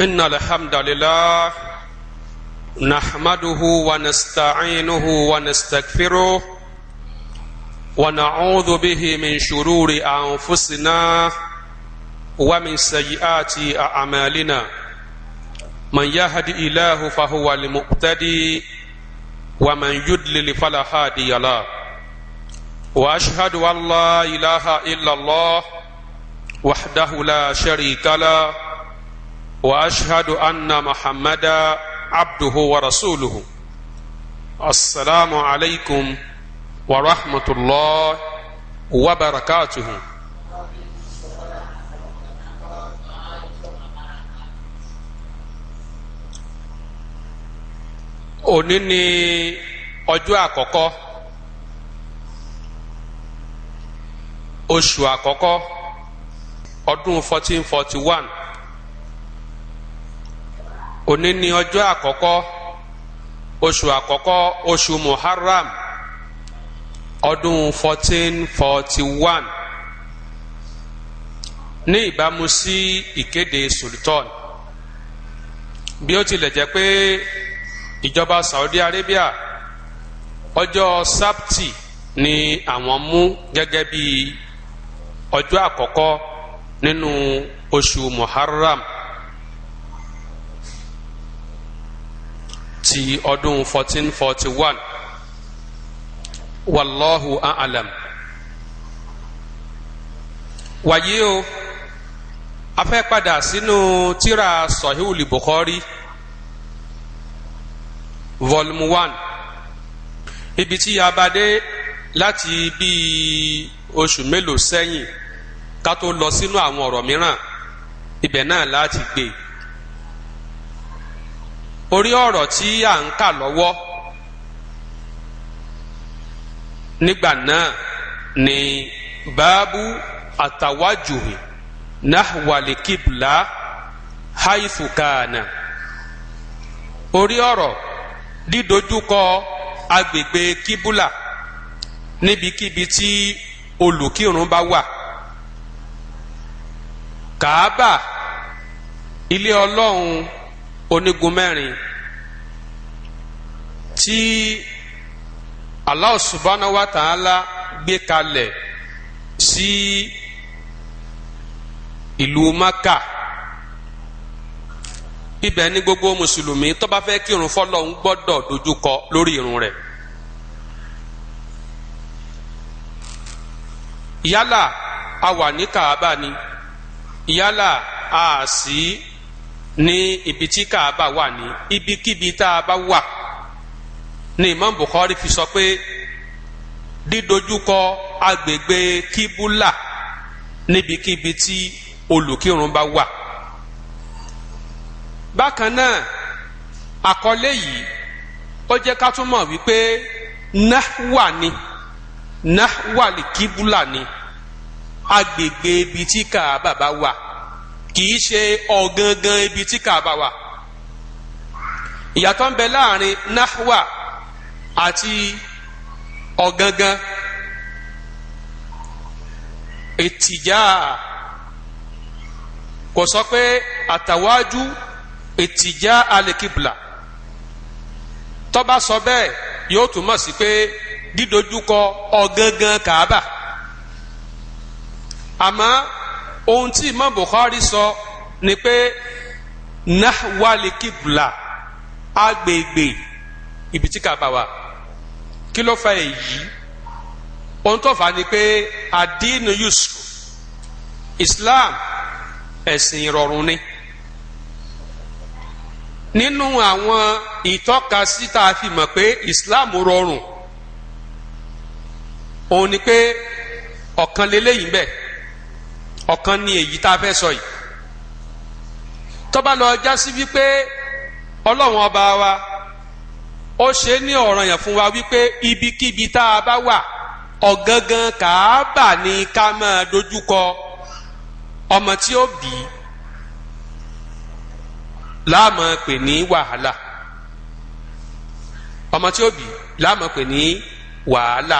إن الحمد لله نحمده ونستعينه ونستغفره ونعوذ به من شرور أنفسنا ومن سيئات أعمالنا من يهد إله فهو المقتدي ومن يدلل فلا هادي له وأشهد أن لا إله إلا الله وحده لا شريك له واشهد ان محمدا عبده ورسوله السلام عليكم ورحمه الله وبركاته òní ni ọjọ́ àkọ́kọ́ oṣù àkọ́kọ́ ọdún fourteen forty one òní ni ọjọ́ àkọ́kọ́ oṣù àkọ́kọ́ oṣù muharram ọdún fourteen forty one ní ìbámu sí ìkéde sultan bí ó tilẹ̀ jẹ́ pé ìjọba Saudi Arabia ọjọ́ sábtì ni àwọn mú gẹ́gẹ́ bí ọjọ́ àkọ́kọ́ nínú oṣù muharram ti ọdún 1441 forty one wallahu a'lam wàyí o a fẹ́ padà sínú tírà sahihul bukhari volume one ibi tí a láti bíi oṣù mélòó sẹ́yìn ká tó lọ sínú àwọn ọ̀rọ̀ mìíràn ibẹ̀ náà láti gbé e. orí ọ̀rọ̀ tí à ń kà lọ́wọ́ nígbà náà ni báábú àtàwájùhì nahwali kibla haithu kana orí ọ̀rọ̀ dídójúkọ agbègbè kíbúlà níbikíbi tí olùkírun bá wà kàábà ilé ọlọ́run onígun mẹ́rin tí Allah subhanahu ta'ala gbé kalẹ̀ sí ìlú Maka ibẹ̀ ni gbogbo mùsùlùmí tó bá fẹ́ kírun ń gbọ́dọ̀ dojúkọ lórí irun rẹ̀. yálà a wà ní Kaaba ni yálà a sì ní ibi tí Kaaba wà ní ibikíbi tá a bá wà. ni Imam Bukhari fi sọ pé dídojúkọ agbègbè kíbúlà níbikíbi tí olùkírun bá wà bákan náà àkọlé yìí ó jẹ́ ká tún mọ̀ wípé nahwa ni nahwa lè kíbúlà ni agbègbè ibi tí kàábà bá wà kì ṣe ọ̀gangan ibi tí kàábà wà ìyàtọ̀ ń bẹ láàrin nahwa àti ọ̀gángan ètìjà kò sọ pé àtàwájú ètìjà alekibla tó bá sọ bẹ́ẹ̀ yóò túmọ̀ sí pé dídojúkọ ọ̀gángan kàábà àmọ́ ohun tí Imam Bukhari sọ ni pé nahwa alekibla agbègbè ibi tí kàábà wà kí ló fa èyí ohun tó fà á ni pé àdínú yusuf islam ẹ̀sìn ìrọ̀rùn ni nínú àwọn ìtọ́kasí tá fi mọ̀ pé islam rọrùn òun ni pé ọ̀kan leléyìí bẹ́ẹ̀ ọ̀kan ni èyí tá a fẹ́ sọ yìí tó lọ já wípé ọlọ́run ọba wa ó ṣe ní ọ̀ranyàn fún wa wípé ibikíbi tá a bá wà ọ̀gangan kàábà ni ká máa dojúkọ ọmọ tí ó bí láàmú pè ní wàhálà ọmọ tí ó bí láàmú pè ní wàhálà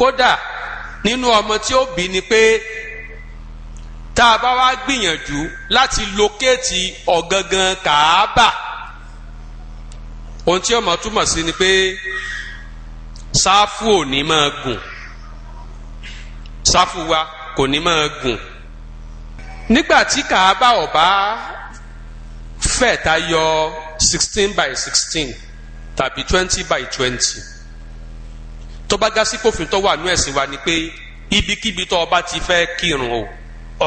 kódà nínú ọmọ tí ó bí ni pé tá a bá wá gbìyànjú láti lókèétì ọ̀gangan kàábà ohun tí ọmọ túmọ̀ sí ni pé sáfù ò ní máa gùn sáfù wa kò ní máa gùn nígbà tí kàábà ọ̀bá fẹ̀ ta yọ sixteen by sixteen tàbí twenty by twenty tó bá gásí kófin tó wà nú ẹ̀sìn wa ni pé ibikíbi tó ọba ti fẹ́ kírun o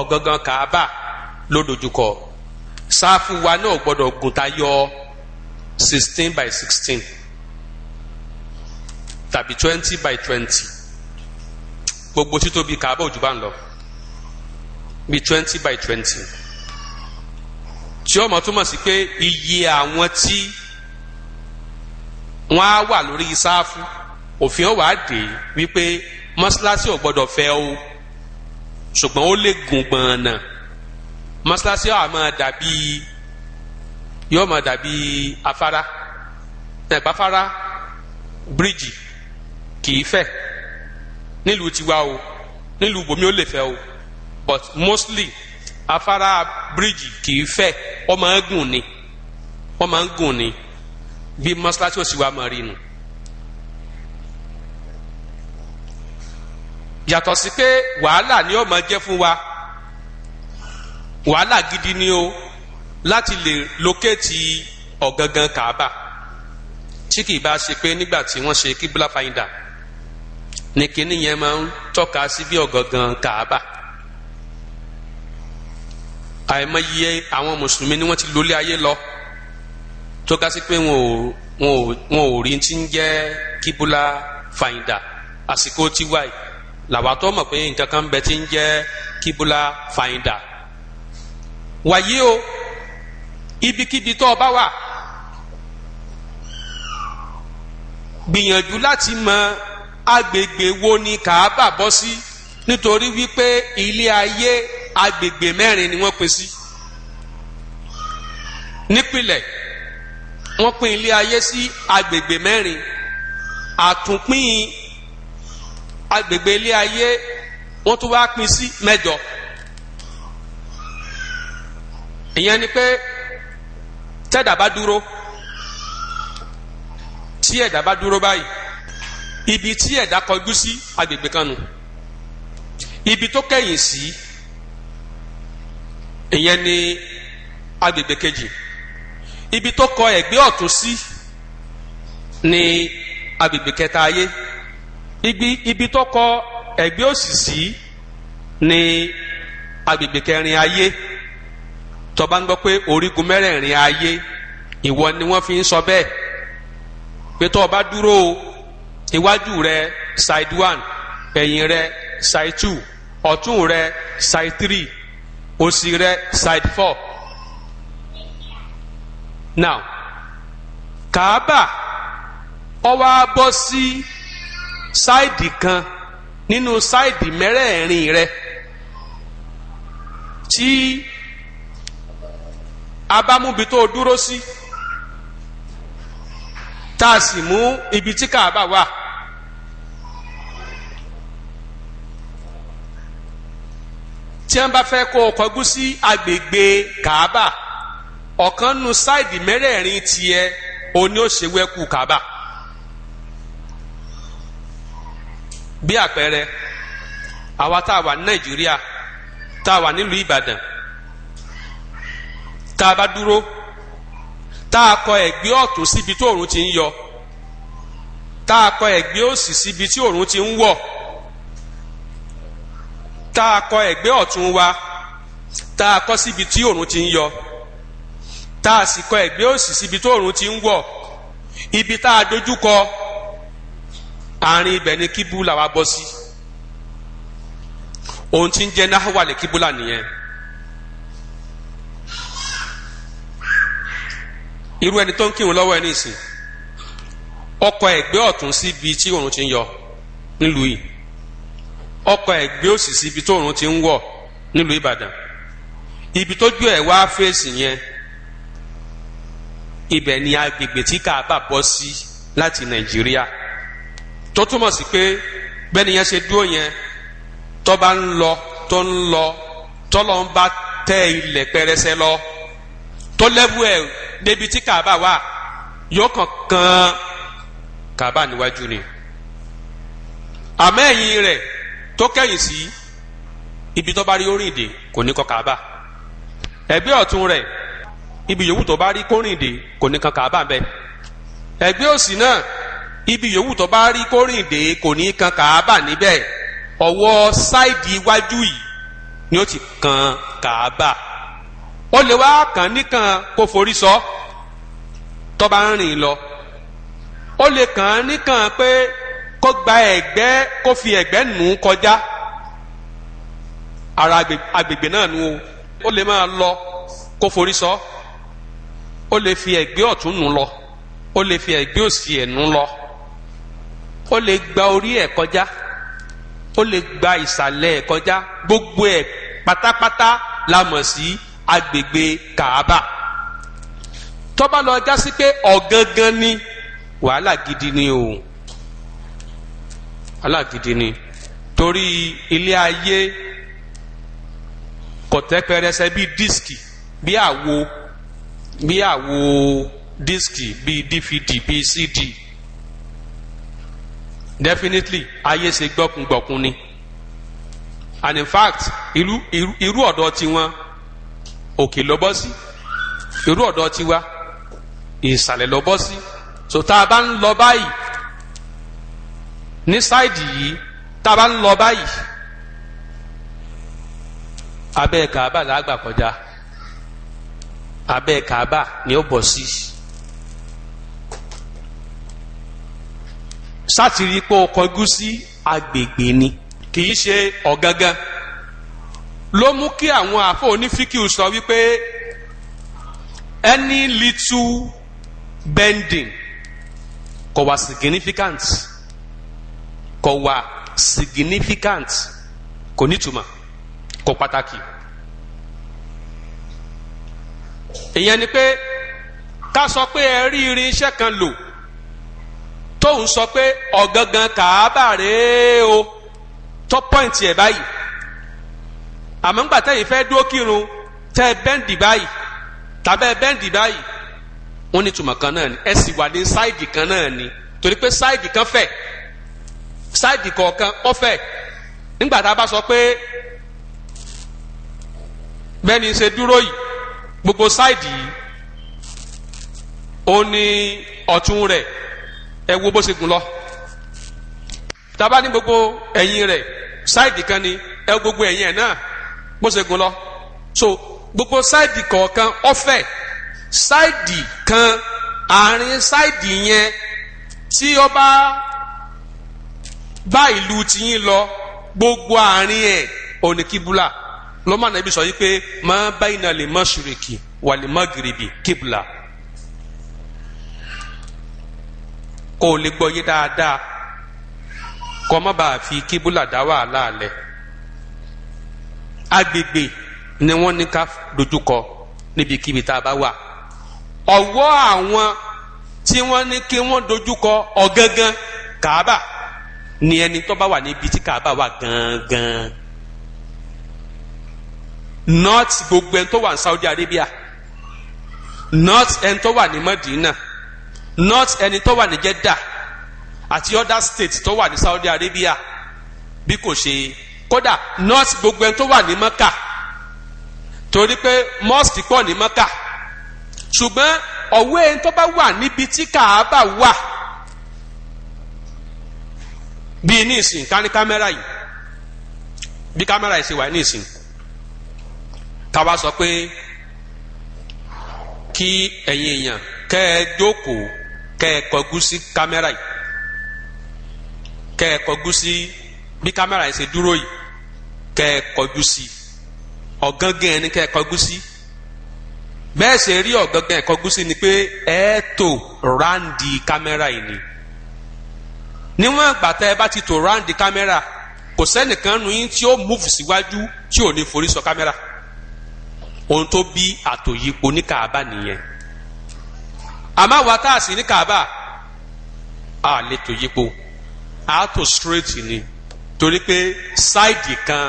ọ̀gangan kàábà ló sáfù wa náà gbọ́dọ̀ gùn ta yọ sixteen by sixteen tàbí twenty by twenty gbogbo títóbi kàábà òjú bá ń lọ bí twenty by twenty tí ọmọ túmọ̀ sí pé iye àwọn tí wọ́n á wà lórí sáfù òfin ọ̀wà dé wípé mọ́ṣáláṣí ò gbọ́dọ̀ fẹ́ o ṣùgbọ́n ó lè gùn gbọ̀nà mọ́ṣáláṣí ọ̀ àmọ́ dàbí yóò máa dàbí afárá ẹ̀gbáfárá bíríìjì kìí fẹ̀ nílùú tiwa o nílùú bòmí ó lè fẹ̀ o but mostly afárá bíríìjì kìí fẹ̀ ó máa ń gùn ni ó máa ń gùn ni bí mọ́ṣáláṣí òsì wa máa rí nu. yàtọ̀ sí pé wàhálà ni ó máa jẹ́ fún wa wàhálà gidi ni o láti lè lókèétì ọ̀gangan kàába tí kì í bá ṣe pé nígbà tí wọ́n ṣe kíbúlá fáyìndà ní kíní yẹn máa ń tọ́ka sí bí ọ̀gangan kàába àìmọye àwọn mùsùlùmí ni wọ́n ti lólé ayé lọ tó ká sí pé wọn ò rí ti ń jẹ́ kíbúlá fáyìndà àsìkò tiwa yìí làwa mọ̀ pé nǹkan kan bẹ ti ń jẹ́ kíbúlá fáyìndà wàyí o ibikíbi tó o bá wà gbìyànjú láti mọ agbègbè wo ni Kàábà bọ́ sí nítorí wípé ilé ayé agbègbè mẹ́rin ni wọ́n pín sí nípìnlẹ̀ wọ́n pín ilé ayé sí agbègbè mẹ́rin àtúnpín agbègbè ilé ayé wọ́n tún wá pín sí mẹ́jọ ìyẹn ni pé tẹ́dà bá dúró tí ẹ̀dá bá dúró báyìí ibi tí ẹ̀dá kọjú sí agbègbè kan nù ibi tó kẹ́yìn sí ìyẹn ni agbègbè kejì ibi tó kọ ẹ̀gbẹ́ ọ̀tún sí ni agbègbè kẹta ayé ibi tó kọ ẹ̀gbẹ́ òsì sí ni agbègbè kẹrin ayé tó bá ń gbọ́ pé orígun mẹ́rẹ̀ẹ̀rin ayé ìwọ ni wọ́n fi ń sọ bẹ́ẹ̀ pé tó o dúró iwájú rẹ side one ẹ̀yìn rẹ side two ọ̀tún rẹ side three òsì rẹ side four now kaaba ó wá bọ́ sí sáìdì kan nínú sáìdì mẹ́rẹ̀ẹ̀rin rẹ tí abámúbi tó dúró sí tá a sì mú ibi tí Káàbà wà. tí wọ́n bá fẹ́ kó o kọjú sí agbègbè Káàbà ọ̀kan nu sáìdì mẹ́rẹ̀ẹ̀rin tiẹ̀ oní òṣèwẹ́kù Káàbà. bí àpẹẹrẹ àwa tá a wà ní Nàìjíríà tá a wà nílùú Ìbàdàn tá a bá dúró tá a kọ ẹ̀gbẹ́ ọ̀tún síbi tí òòrùn ti ń yọ tá a kọ ẹ̀gbẹ́ òsì síbi tí òòrùn ti ń wọ̀ tá a kọ ẹ̀gbẹ́ ọ̀tún wa tá a kọ síbi tí òòrùn ti ń yọ tá a sì kọ ẹ̀gbẹ́ òsì síbi tí òòrùn ti ń wọ̀ ibi tá a dojú kọ àárín ibẹ̀ ni kíbú làwa bọ́ sí ohun tí ń jẹ́ náhàwálẹ̀ kíbúlà nìyẹn. irú ẹni tó ń kírun lọ́wọ́ ẹ nísìn ọkọ ẹ̀gbẹ́ ọ̀tún síbi tí òòrùn ti ń yọ nílùú yìí ọkọ ẹ̀gbẹ́ òsì síbi tó òòrùn ti ń wọ̀ nílùú Ìbàdàn ibi tó gbé ẹ̀ wá fèsì yẹn ibẹ̀ ni agbègbè tí Káàbà bọ́ sí láti Nàìjíríà tó túmọ̀ sí pé bẹ́ẹ̀ni yẹn ṣe dúró yẹn tó bá ń lọ tó ń lọ tọ́lọ́ ń bá tẹ ilẹ̀ pẹrẹsẹ lọ tó lẹ́bù ẹ̀ débi tí kaaba wà yóò kàn kan kaaba níwájú ni àmọ́ ẹ̀yìn rẹ̀ tó kẹ́yìn sí ibi tó bá rí orin ìdè kò ní kan kaaba ẹ̀gbẹ́ ọ̀tún rẹ̀ ibi yòówù tó bá rí kórìn ìdè kò ní kan kaaba bẹ́ẹ̀ ẹ̀gbẹ́ òsì náà ibi yòówù tó bá rí kórìn ìdè kò ní kan kaaba níbẹ̀ ọwọ́ sáìdì iwájú yìí ni ó ti kan kaaba ó lè wá kàn níkan kó forí sọ tó bá ń rìn lọ ó lè kàn níkan pé kó gba ẹ̀gbẹ́ kó fi ẹ̀gbẹ́ nù ú kọjá ara agbègbè náà nu o ó lè máa lọ kó forí sọ ó lè fi ẹ̀gbẹ́ ọ̀tún nù lọ ó lè fi ẹ̀gbẹ́ òsì ẹ̀ lọ ó lè gba orí ẹ̀ kọjá ó lè gba ìsàlẹ̀ ẹ̀ kọjá gbogbo ẹ̀ pátápátá la mọ̀ sí. Si agbègbè kaaba tọ́ba lọ jásí pé ọ̀gangan ni wàhálà gidi ni o wàhálà gidi ni torí ilé ayé kọ̀tẹ́pẹrẹsẹ bíi dísìkì bíi àwo bíi àwo dísìkì bíi dvd bíi cd definitely ayé ṣe gbọ́kungbọ̀kun ni and in fact irú irú ọ̀dọ́ tiwọn òkè ló bọ́ sí irú ọ̀dọ̀ tiwa ìsàlẹ̀ ló bọ́ sí so tá a bá ń lọ báyìí ní sáìdì yìí tá a bá ń lọ báyìí abẹ́ kàábà là kọjá abẹ́ kàábà ni ó bọ̀ sí sátìrí pé ó kọjú sí agbègbè ni kì í ṣe ọ̀gángan ló mú kí àwọn àfọ onífíkì sọ wípé any little bending kò wá significant kò wá significant kò nítumọ̀ kò pàtàkì ìyẹn ni pé ká sọ pé ẹ rí irinṣẹ́ kan lò tóun sọ pé ọ̀gangan kàábà rèé o tó pọ́ǹtì ẹ̀ báyìí àmọ́ ńgbà tẹ́yìn fẹ́ dúró kírun tẹ́ bẹ́ǹdì báyìí tàbẹ́ kan náà ni ẹ sì wà ní kan náà ni torí pé kan fẹ̀ saidi kọ̀ọ̀kan ó fẹ̀ nígbà tá a sọ pé bẹ́ẹ̀ ṣe dúró yìí gbogbo saidi yìí ó ní ọ̀tún rẹ̀ ẹ wo lọ tá a gbogbo ẹ̀yìn rẹ̀ kan ni ẹ gbogbo ẹ̀yìn bó ṣe lọ so gbogbo sáìdì kọ̀ọ̀kan ọ̀fẹ́ sáìdì kan àárín sáìdì yẹn tí ó bá bá ìlú tiyín lọ gbogbo àárín ẹ̀ oníkíbúlà lọ́mọ Ànábì sọ yìí pé máa báyìí náà lè má ṣùrìkì wà lè má gèrèbì kíbúlà kó lè gbọ́ yé dáadáa kọ́ ọ má bàa fi kíbúlà dá wàhálà lẹ̀ agbègbè ni wọ́n ní ká dojúkọ níbikíbi tá a bá wà ọwọ́ àwọn tí wọ́n ní kí wọ́n dojúkọ ọ̀gangan kàábà ni ẹni tó bá wà níbi tí kàábà wà gangan not gbogbo ẹni tó wà ní Saudi Arabia not ẹni tó wà ní Madina not ẹni tó wà ní Jeddah àti other states tó wà ní Saudi Arabia bí kò ṣe kódà nọ́ọ̀sì gbogbo ẹni tó wà ní mọ́kà torí pé mọ́ọ̀sì pọ̀ ní mọ́kà ṣùgbọ́n ọ̀wọ́ ẹni tó bá wà níbi tí kàábà wà bíi ní ìsìn ká ní kámẹ́rà yìí bí kámẹ́rà yìí ṣe wà ní ìsìn káwa sọ pé kí ẹ̀yin èèyàn kẹ́ ẹ jókòó kẹ́ ẹ kọjú sí kámẹ́rà yìí kẹ́ ẹ kọjú sí bí kámẹ́rà yìí ṣe dúró yìí kẹ́ ẹ kọjú sí ọ̀gángán ẹni kẹ́ ẹ kọjú sí bẹ́ẹ̀ ṣe rí ọ̀gángán ẹ kọjú sí ni pé ẹ tò ráǹdì kámẹ́rà yìí ni níwọ̀n ìgbà tẹ́ ẹ bá ti tó ráǹdì kámẹ́rà kò sẹ́nìkan nu yín tí ó múfù síwájú tí ò ní forí sọ kámẹ́rà ohun tó bí àtòyípo ní kàába nìyẹn àmọ́ wa tá a sì ní kàába a lè tòyípo a tó straight ni torí pé sáìdì kan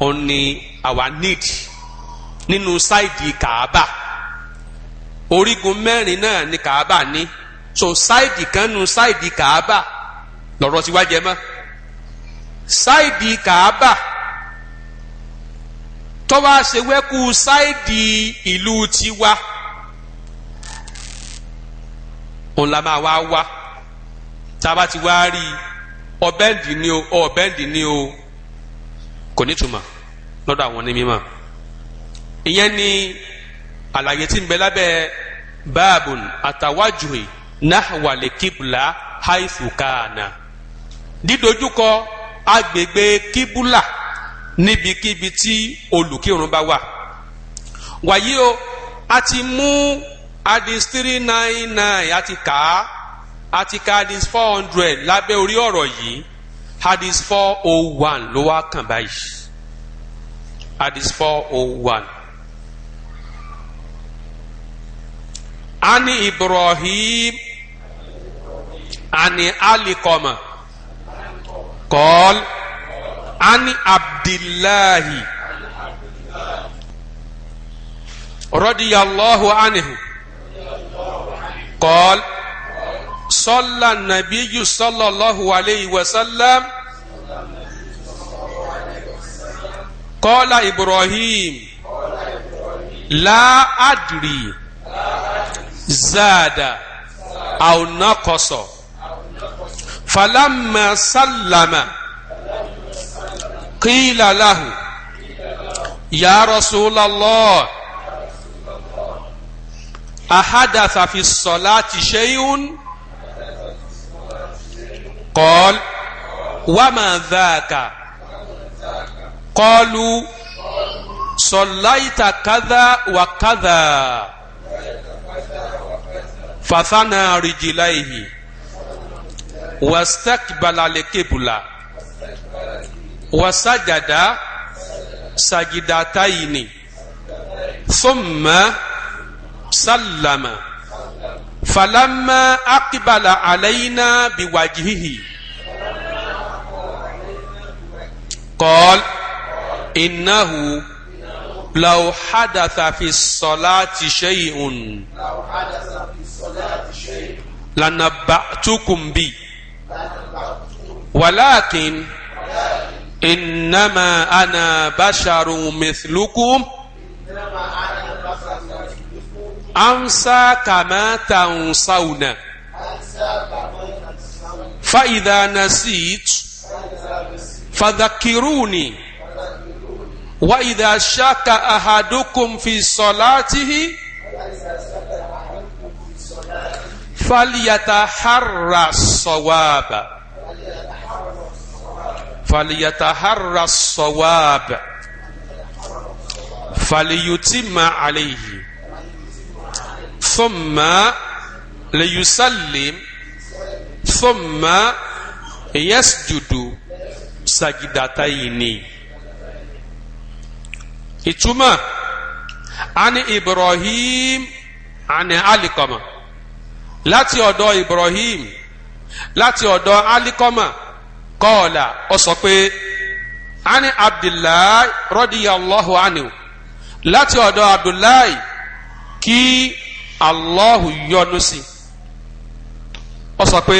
ó ní our need nínú sáìdì kàába orígun mẹ́rin náà ni kàába ní so saidi kan nu sáìdì kàába lọ́rọ̀ tí wá jẹ mọ́ sáìdì kàába tọ́wá ṣe wẹ́kú sáìdì ìlú tiwa òun la máa wá ti wá rí ọbẹ̀ǹdì ni o ọbẹ̀ǹdì ni o kò ní túmọ̀ lọ́dọ̀ àwọn ní mímọ̀ ìyẹn ni àlàyé tí ń bẹ lábẹ́ báàbùn àtàwájùì náhwàlẹ̀ kíbùlà háìfùkàànà dídojúkọ agbègbè kíbùlà níbikíbi tí olùkírun bá wà wàyí o a ti mú adis three nine nine a ti kà á a ti kà adis four hundred lábẹ́ orí ọ̀rọ̀ yìí hadith four oh one ló wá kàn báyìí hadith four oh one. ani ibrahim ani alikoma kọ́l ani abdillahi radiyallahu anhu kọ́l. صلى النبي صلى الله عليه وسلم قال إبراهيم لا أدري زاد أو نقص فلما سلم قيل له يا رسول الله أحدث في الصلاة شيء قال وما ذاك قالوا صليت كذا وكذا فثنى رجليه واستقبل لكبلا وسجد سجدتين ثم سلم فلما أقبل علينا بوجهه قال إنه لو حدث في الصلاة شيء لنبأتكم بي ولكن إنما أنا بشر مثلكم أنسى كما تنسون فإذا نسيت فذكروني وإذا شك أحدكم في صلاته فليتحرى الصواب فليتحرى الصواب فليتم عليه ثم ليسلم ثم يسجد sajidata yìí ni ìtumọ̀ ani Ibrahim ani alikọmọ láti ọ̀dọ̀ Ibrahim láti ọ̀dọ̀ alikọmọ kọ́ọ̀là ó sọ pé ani Abdullahi rọ́díyàlọ́hu anhu láti ọ̀dọ̀ Abdullahi kí Allahu yọ́nú sí ó sọ pé.